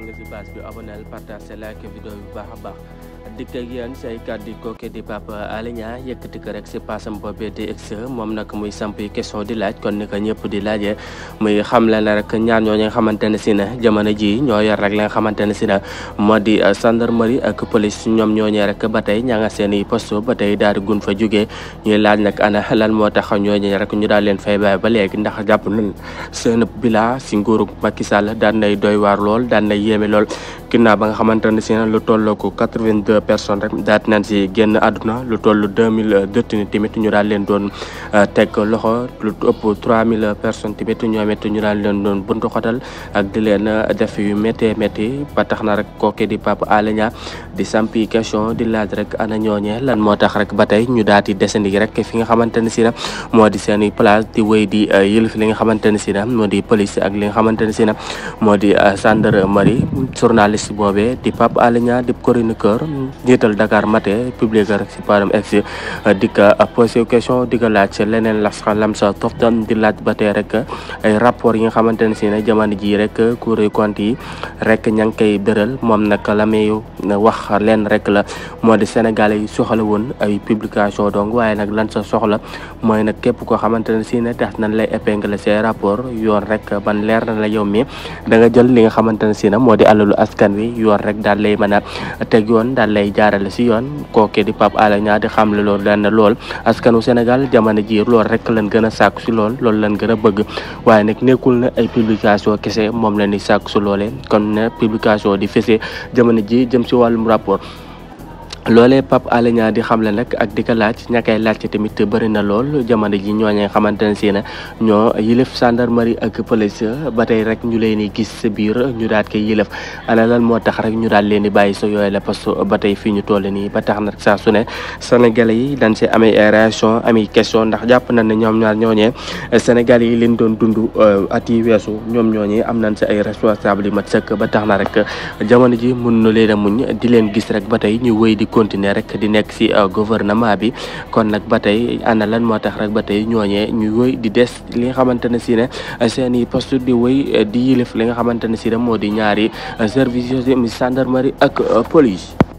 nga si page bi abonné partage like vidéo bi bu baax a baax dikk ak yéen say kàddu kooke di Papa Alé Niang yëkkati rek si paasam boobee di moom nag muy samp yi question di laaj kon ni ñëpp di laajee muy xamle la rek ñaar ñoo ñi nga xamante ne si ne jamono ji ñoo yor rek la nga xamante ne si na moo di gendarmerie ak police ñoom ñooñee rek ba tey ñaa nga seeni poste ba tey daal gun fa jógee ñuy laaj nag ana lan moo tax ñooñee rek ñu daal leen fay ba léegi ndax jàpp nañ seen bila si nguurug Macky Sall daan nay doy waar lool daan nay yéeme lool ginnaaw ba nga xamante ne si lu toll ko quatre-vingt-deux personnes rek daal nañ si génn adduna lu toll deux mille deux tamit ñu daal leen doon euh, teg loxo lu ëpp trois mille personnes tamit ñoom it ñu daal leen doon buntu xotal ak di leen euh, def yu méttee métti ba tax na rek kooke di Pape Alé Niang di sampi question di laaj rek ana ñooñee lan moo tax rek ba tey ñu daal di desandi rek fi nga xamante ne si na moo di seen place di wéy di euh, yëlif li nga xamante ne si na moo di police ak li nga xamante ne si na moo di gendarmerie journaliste liste boobee di Pape Alé Niang di chroniqueur njiital Dakar Matin publié rek ci param ex di ka posé question di ka laaj leneen la sa lam sa toftan di laaj ba rek ay rapport yi nga xamante ne si ne jamono ji rek couré compte yi rek ña ngi koy dëral moom nag la may wax leen rek la moo di sénégalais yi soxla won ay publication donc waaye nag lan sa soxla mooy nag képp koo xamante ne si ne tax nañ lay épingle say rapport yoon rek ban leer na la yow mi da nga jël li nga xamante ne si ne di alalu askan askan wi yoon rek daal lay mën a teg yoon daal lay jaarale si yoon kooke di Pape Alé Niang di xamle lool daan na lool askanu Sénégal jamono ji lool rek lañ gën a sàkku si lool loolu lañ gën a bëgg waaye nag nekkul na ay publication kese moom la ni sàkku si loole kon na publication di fese jamono ji jëm si wàllum rapport loole pap Alé Niang di xamle nag ak di ko laaj ña koy laajte tamit bëri na lool jamono ji ñooñu xamante ne si ne ñoo yilëf gendarmerie ak police ba tey rek ñu leen di gis sa biir ñu daal koy yilëf ana lan moo tax rek ñu daal leen di bàyyi sa yooyu la parce que ba tey fii ñu toll nii ba tax nag saa su ne Sénégalais yi dañ si amee réaction amee question ndax jàpp nañ ne ñoom ñaar ñooñee Sénégalais yi leen doon dund euh, at yi weesu ñoom ñooñee am nañ si ay responsable yi mat sëkk ba tax na rek jamono ji mën na leen di leen gis rek ba tey ñu wéy di continuer rek di nekk si euh, gouvernement bi kon nag ba tey ana lan moo tax rek ba tey ñooñee ñu woy di des li nga xamante ne si ne euh, seen i poste di woy euh, di yilif li nga xamante ne si ne moo di ñaari service yi gendarmerie ak police